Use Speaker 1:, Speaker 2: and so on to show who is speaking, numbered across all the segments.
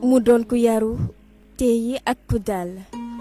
Speaker 1: mu doon ku yaru yi ak ku dal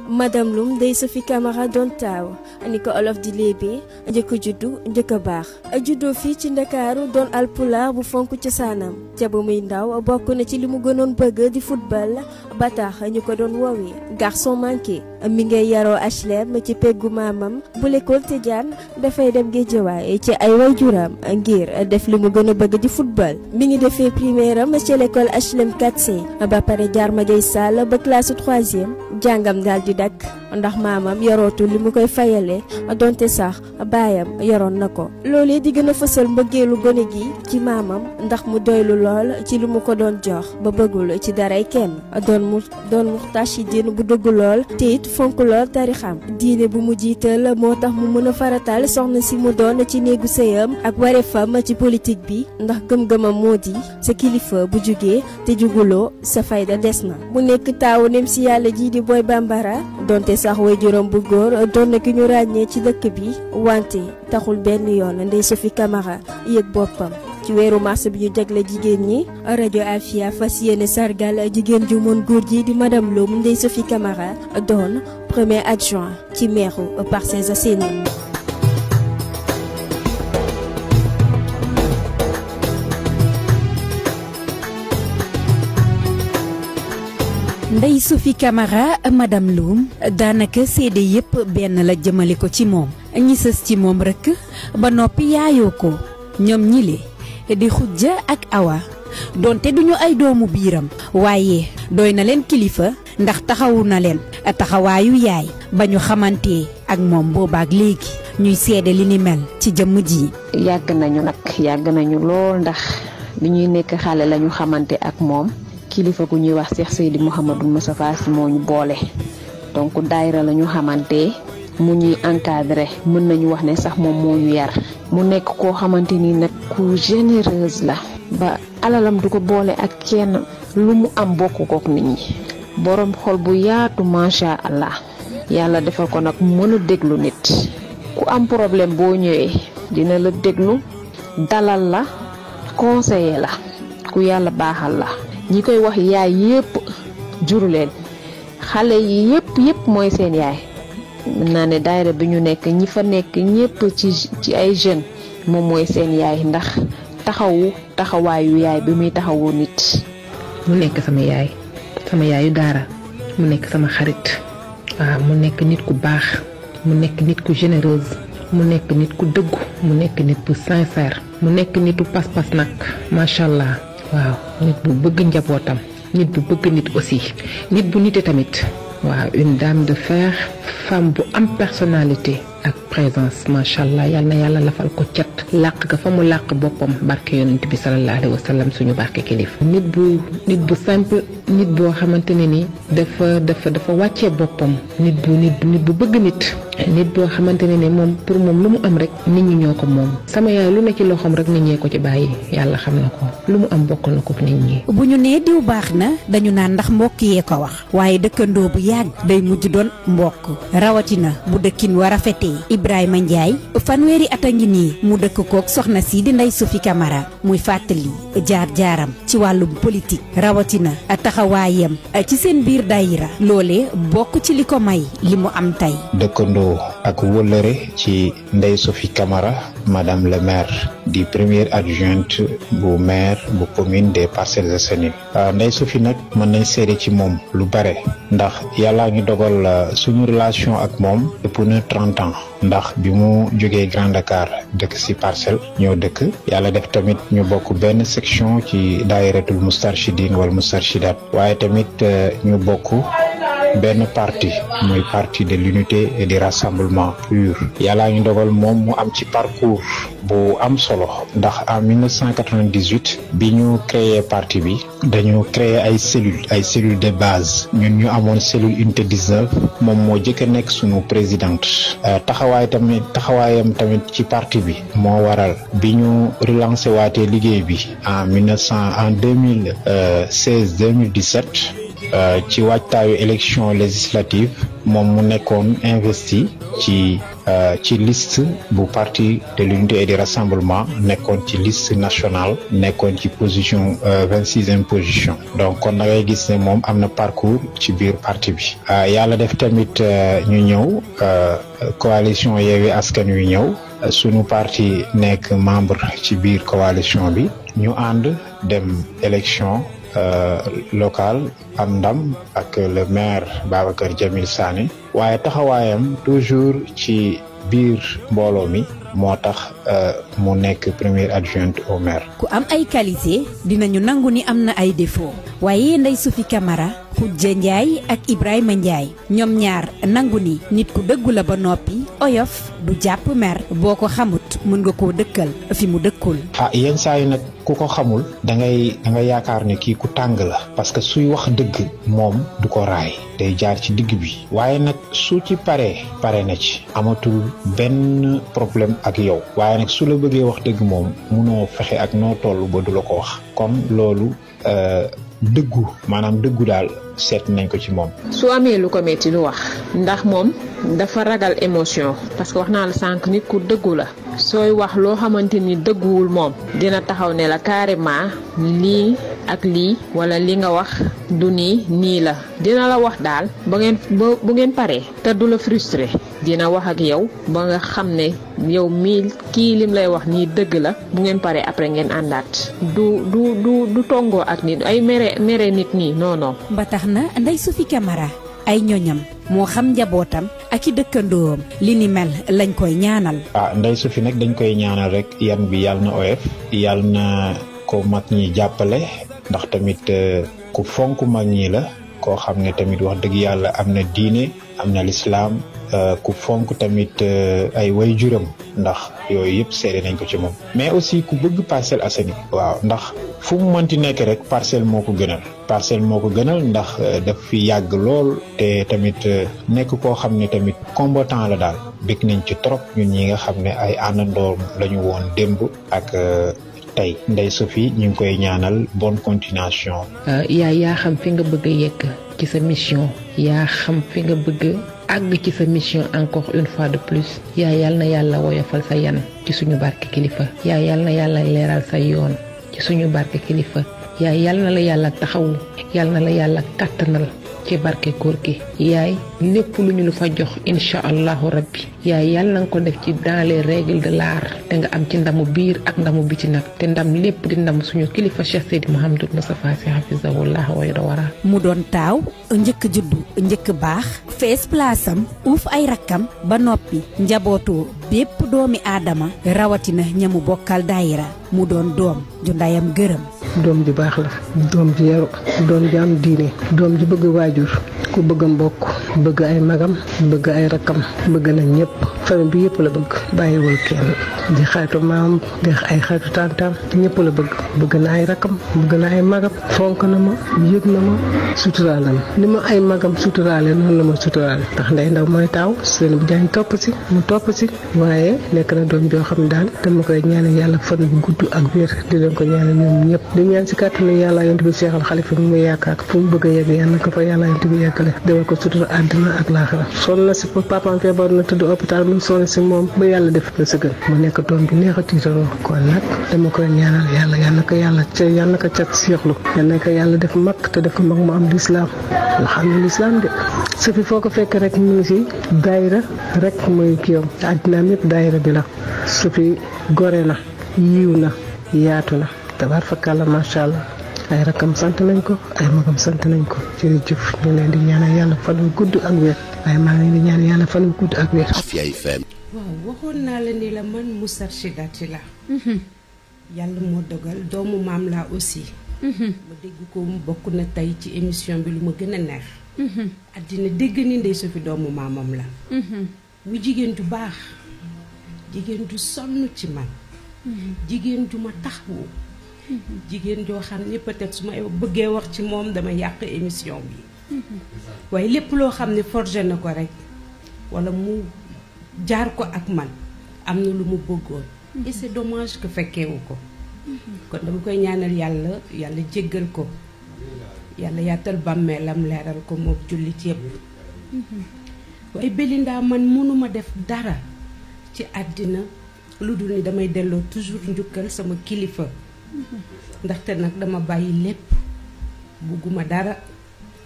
Speaker 1: madame Loum day Sophie Camara doon taaw ni olof di léebee jëkk juddu njëkk a baax juddoo fii ci ndakaaru doon alpulaar bu fonk cosaanam ca ba muy ndaw bokk na ci li mu gënoon bëgg di futbal ba tax ñu ko doon woowee garçon manqué mi ngay yaroo HLM ci peggu maamam bu lekkool te jaan dafay dem géejewaay ci ay wayjuram ngir def li mu gën a bëgg di football. mi ngi defee primaire am ci l'école HLM 4C ba pare jaar Madiaye Sall ba classe troisième jàngam daal di dakk ndax maamam yorootu li mu koy fayale donte sax baayam yoroon na ko. loolee di gën a fësal mbëggeelu gone gi ci maamam ndax mu doylu lool ci li mu ko doon jox ba bëggul ci daray kenn doon mu doon muxtaas fonk lool tarixam diine bu mu jiital moo tax mu mën a farataal soxna si mu doon ci néegu sëyam ak wareefam ci politique bi ndax gëm-gëmam moo di sa kilifa bu jugee te juguloo sa fayda des na mu nekk taawu nem si yàlla jii di booy bàmbara donte sax way juróom bu góor doon na ki ñu ràññee ci dëkk bi wante taxul benn yoon ndey Sophie Camara yëg boppam ci weeru mars bi ñu jagle jigéen ñi rajo Afia sargal jigéen ju góor ji di madame Lom Ndeye Sophie Camara
Speaker 2: daanaka seede yépp benn la jëmale ko ci moom ñi sës ci moom rekk ba noppi yaayoo ko ñoom ñi di xujja ak awa doonte duñu ay doomu biiram waaye doy na leen kilifa ndax taxawu na leen a taxawaayu yaay ba ñu xamante ak moom boobaak léegi ñuy seede li ni mel ci jëmm ji.
Speaker 3: yàgg nañu nag yàgg nañu lool ndax bi ñuy nekk xale lañu xamante ak moom kilifa gu ñuy wax Cheikh Seydi Mouhamadou Moustapha Sy moo ñu boole donc daayira lañu xamante. mu ñuy encadré mën nañu wax ne sax moom moo ñu yar mu nekk koo xamante ni nag ku généreuse la ba alalam du ko boole ak kenn lu mu am bokk kook nit ñi boroom xol bu yaatu macha allah yàlla defal ko nag mën a déglu nit ku am problème boo ñëwee dina la déglu dalal la conseiller la ku yàlla baaxal la ñi koy wax yaay yépp jur xale yi yépp yépp mooy seen yaay mun naa ne daayira bi ñu nekk ñi fa nekk ñëpp ci ci ay jeunes moom mooy seen yaay ndax taxawu taxawaayu yaay bi muy taxawoo nit.
Speaker 4: mu nekk sama yaay sama yaayu daara mu nekk sama xarit waaw mu nekk nit ku baax mu nekk nit ku généreuse mu nekk nit ku dëggu mu nekk nit bu sincère mu nekk nit bu pas-pas nag macha allah waaw nit bu bëgg njabootam nit bu bëgg nit aussi nit bu nite tamit. waaw une dame de fer femme bu am personalité ak présence macha allah yal na yàlla lafal ko cet làq ka fa mu làq boppam barke yonent bi sallallahu alayhi wa sallam suñu barke kilifa nit bu nit bu simple nit boo xamante ne ni dafa dafa dafa wàccee boppam nit bu nit nit bu bëgg nit nit boo xamante ne ni moom pour moom lu mu am rek nit ñi ñoo ko moom sama yaay lu ne ci loxoom rek nit ñee ko ci bàyyi yàlla xam na ko lu mu am bokk ko nit ñi.
Speaker 2: bu ñu nee diw baax na dañu naan ndax mbokk yee ko wax waaye dëkkandoo bu yàgg day mujj doon mbokk rawatina yi Ibrahima Ndiaye fanweeri at a ngi nii mu dëkk kook soxna sii di Ndeye Sophie Camara muy fàttali jaar-jaaram ci wàllum politique rawatina taxawaayam ci seen biir daayira loole bokk ci li ko may li mu am tey
Speaker 5: dëkkandoo ak wëllëre ci Ndeye Sophie Camara madame le maire di première adjointe bu maire bu commune des Parcelles Assainies ah, Ndeye Sophie nag mën nañ seede ci moom lu bare ndax yàlla ngi dogal ah, suñu relation ak moom depuis na trente ans ndax bi mu jógee grande Dakar dëkk si parcelle ñoo dëkk yàlla def tamit ñu bokk benn section ci daayiratul Moustarchidine wala Moustarchidat waaye tamit ah, ñu bokk benn parti muy parti de l'unité et du rassemblement pur yàllaa ñu dogal moom mu am ci parcours bu am solo ndax en 1998 bi ñu créé parti bi dañu créé ay cellules ay cellules de base ñun ñu amoon cellule unité moom moo jëkk a nekk suñu présidente euh, taxawaay tamit taxawaayam tamit ci parti bi moo waral bi ñu relancé waatee liggéey bi en 1900 en 2016 2017 Euh, ci waajtaayu élection législative moom mu nekkoon investi ci euh, ci liste bu parti de l'unité et du rassemblement nekkoon ci liste nationale nekkoon ci position euh, vingt sixième position donc kon da ngay gis ne moom am na parcours ci biir parti bi yàlla def tamit ñu ñëw coalition Yewwi Askan Wi ñëw sunu parti nekk membre ci biir coalition bi ñu ànd dem élection Euh, locale am ndam ak le maire Babacar Jamil Sané waaye taxawaayam toujours ci biir mbooloo mi moo tax euh, mu nekk premier adjoint au maire.
Speaker 2: ku am ay dina ñu nangu ni am na ay défaut waaye Ndeye Sophie Camara Khoudia Ndiaye ak Ibrahima Ndiaye ñoom ñaar nangu ni nit ku dëggu la ba noppi oyof du jàpp mer boo ko xamut mën nga koo dëkkal fi mu dëkkul.
Speaker 5: ah yenn saa yi nag ku ko xamul da ngay da nga yaakaar ne kii ku tàng la parce que suy wax dëgg moom du ko raay day jaar ci digg bi waaye nag su ci paree pare na ci amatul benn problème ak yow waaye nag su la bëggee wax dëgg moom munoo fexe ak noo toll ba du la ko wax comme loolu. Euh, dëggu maanaam dëggu daal seet nañ ko ci moom.
Speaker 3: su amee lu ko metti lu wax ndax moom dafa ragal émotion parce que wax naa la sànq nit ku dëggu la sooy wax loo xamante ni dëgguwul moom dina taxaw ne la carrément lii ak lii wala li nga wax du nii nii la dina la wax daal ba ba bu ngeen paree te du la frustré dina wax ak yow ba nga xam ne yow mii kii lim lay wax nii dëgg la bu ngeen paree après ngeen àndaat du du du
Speaker 2: tongoo ak nii ay mere mere nit nii non ba tax na Ndeye Sophie Camara ay ñoñam moo xam njabootam ak i dëkkandoom li ni mel lañ koy ñaanal.
Speaker 5: ndey su fi nag dañ koy ñaanal rek yan bi yàlla na oyof yàlla na ko mag ñi jàppale ndax tamit ku fonk mag ñi la koo xam ne tamit wax dëgg yàlla am na diine am na lislaam Euh, ku fonk tamit euh, ay way juram ndax yooyu yëpp seede nañ ko ci moom mais aussi ku bëgg Parcelles Assainies waaw ndax fu mu mënti nekk rek parcelle moo ko gënal parcelle moo ko gënal ndax euh, daf fi yàgg lool te tamit nekk koo xam ne tamit combattant la daal bég nañ ci trop ñun ñi nga xam ne ay àndandoor la ñu woon démb ak tey Ndeye Sophie ñu ngi koy ñaanal bonne continuation.
Speaker 4: yaay xam fi nga bëgg a ci sa mission yaa xam fi nga bëgg àgg ci sa mission encore une fois de plus yaa yal na yàlla woyofal sa yan ci suñu barke kilifa yaa yal na yàlla leeral sa yoon ci suñu barke kilifa yaa yal na la yàlla taxawul yal na la yàlla kàttanal ci barke góor gi yaay lépp lu ñu lu fa jox incha allahu rabbi yaay yàlla na nga ko def ci dans les règles de l'art te nga am ci ndamu biir ak ndamu ci nag te ndam lépp di ndam suñu kilifa Cheikh Seydi Mouhamadou Moustapha Sy hafizahullah way dawara
Speaker 2: mu doon taaw njëkk juddu njëkk baax fees plaasam uuf ay rakkam ba noppi njabootoo bépp doomi aadama rawatina ñamu bokkal daayira mu doon doom ju ndayam gërëm
Speaker 6: doom ju baax la doom ju yaru doom ju am diine doom ji bëgg waajur ku bëgg a mbokk bëgg ay magam bëgg ay rakkam bëgg na ñëpp famille bi yëpp la bëgg bàyyiwul kenn di xaritu maam di ay xaritu tantam ñëpp la bëgg bëgg na ay rakkam bëgg na ay magam fonk na ma yëg na ma suturaal na ma ni ma ay magam suturaale noonu la suturaale ndax ndey ndaw mooy taaw seen bu jaañ topp si mu topp si waaye nekk na doom joo xam ne daal dama koy ñaanal yàlla fan bu gudd ak wér di ko ñaanal ñoom ñëpp di ñaan si kàttanu yàlla yonent bi seexal xalifa mu yaakaar fu mu bëgg a yegg yàlla ko fa yàlla yonent bi yeggale dama ko sutura ànd àdduna ak laaxara sonn na si pour papaam feebar na tëdd hôpital mu sonn si moom ba yàlla def la si gën mu nekk doom bi neex a tiitaroo kon nag dama koy ñaanal yàlla yal ko yàlla ca yal na ko cat seexlu yal na ko yàlla def mag te def ko mag mu am lislaam nga xam ne lislaam de sa fi foo ko fekk rek mu ngi si daayira rek mooy kiyam àddinaam yëpp daayira bi la su fi gore na yiw na yaatu na tabaar fakkaala macha allah ay rakam sant nañ ko ay magam sant nañ ko jërëjëf ñu leen di ñaanal yàlla fan wu gudd ak wér waaye maa ngi leen di yàlla fan wu gudd ak wér. Afia FM.
Speaker 7: waaw waxoon naa la ni la man Moustarchidati la yàlla moo dogal doomu maam laa aussi. ma dégg ko mu bokk na tey ci émission bi lu ma gën a neex. àddina dégg ni Ndeye Sophie doomu maamam la. mu jigéen ju baax. jigéen ju sonn ci man. jigéen ju ma taxawu. jigéen joo xam ne peut su ma bëggee wax ci moom damay yàq émission bi waaye lépp loo xam ne forger na ko rek wala mu jaar ko ak man am na lu mu bëggoon et c'est dommage que fekkeewu ko kon dama koy ñaanal yàlla yàlla jéggal ko yàlla yàttal bàmmeelam leeral ko moom jullit yépp waaye Belinda man mënuma def dara ci àddina lu dul ni damay delloo toujours njukkal sama kilifa ndaxte nag dama bàyyi lépp bugguma dara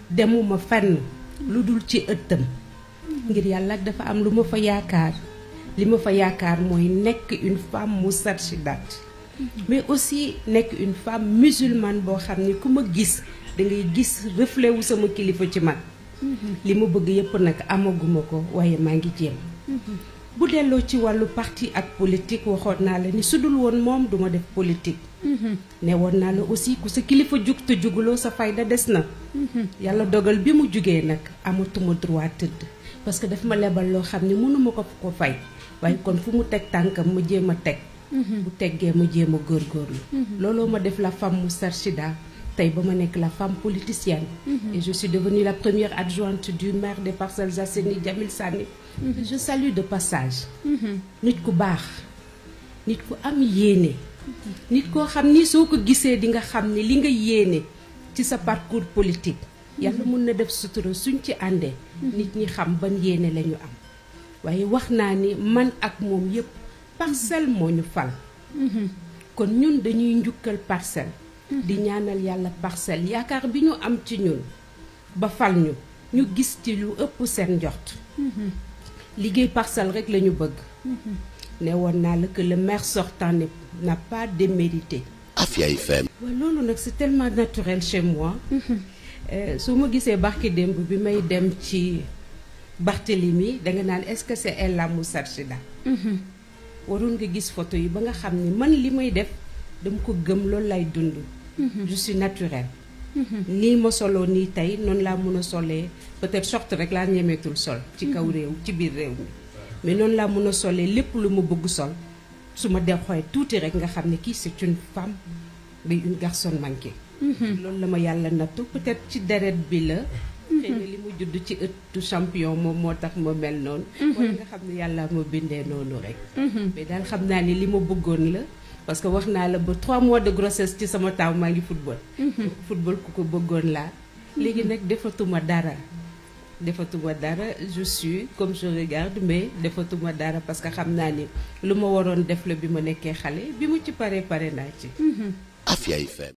Speaker 7: demuma fenn lu dul ci ëttam ngir yàlla dafa am lu ma fa yaakaar li ma fa yaakaar mooy nekk une femme moustarchidate mais aussi nekk une femme musulmane boo xam ne ku ma gis dangay gis reflet sama kilifa ci man mm-hmm. li ma bëgg yëpp nag amaguma ko waaye maa ngi jéem mm-hmm. bu delloo ci wàllu parti ak politique waxoon naa la ni sudul woon moom duma def politique mhm. ne woon naa la aussi ku sa kilifa jug te juguloo sa fayda des na mhm. yàlla dogal bi mu jugee nag amatuma droit tëdd parce que daf ma lebal loo xam ne mënuma ko ko fay waaye kon fu mu teg tànkam ma jéem a teg mhm. bu teggee ma jéem a góorgóorlu looloo ma def la femme mu Sarchida tey ba ma nekk la femme politicienne et je suis devenue la première adjointe du maire des Parcelles Assainies Djamil Sané Mm-hmm. je de passage. Mm-hmm. nit ku baax nit ku am yéene. nit koo xam ni soo ko gisee dinga xam ni li nga yéene ci sa parcours politique. Mm-hmm. yàlla mun na def sutura suñ ci àndee. nit ñi xam ban yéene lañu am. waaye wax naa ni man ak moom yëpp parcelle moo ñu fal. kon ñun dañuy njukkal parcelle. di ñaanal yàlla parcelle yaakaar bi ñu am ci ñun ba fal ñu ñu gis ci lu ëpp seen njort. liggéey parcelle rek lañu bëgg. Mhm. ne woon naa la que le maire sortant n'a pas démérité. Afia FM. waaw loolu nag c'est tellement naturel chez mhm. euh, su ma gisee barki démb bi may dem ci Barthélemy danga naan est-ce que c'est elle la mhm. waroon nga gis photo yi ba nga xam ni man li may def dama ko gëm loolu lay dund. je suis nii ma soloo nii tey noonu laa mën a solee peut-être short rek laa ñemeetul sol. ci kaw réew ci biir réew mi. mais noonu laa mën a solee lépp lu ma bëgg sol su ma def xoolee tuuti rek nga xam ne kii c'est une femme mais une garçonne manquée. Mhm. loolu la ma yàlla nattu peut-être ci deret bi la. Mhm. xëy li mu judd ci ëtt champion moom moo tax ma mel noonu. Mhm. wala nga xam ne yàlla ma bindee noonu rek. mais daal xam naa ni li ma bëggoon la. parce que wax naa la ba 3 mois de grossesse ci sama taaw maa ngi football. Mhm. football ku ko bëggoon laa. Mhm. léegi nag defatuma dara. defatuma dara je comme je regarde mais defatuma dara parce que xam naa ni lu ma waroon def la bi ma nekkee xale bi mu ci paree pare naa ci. Mhm.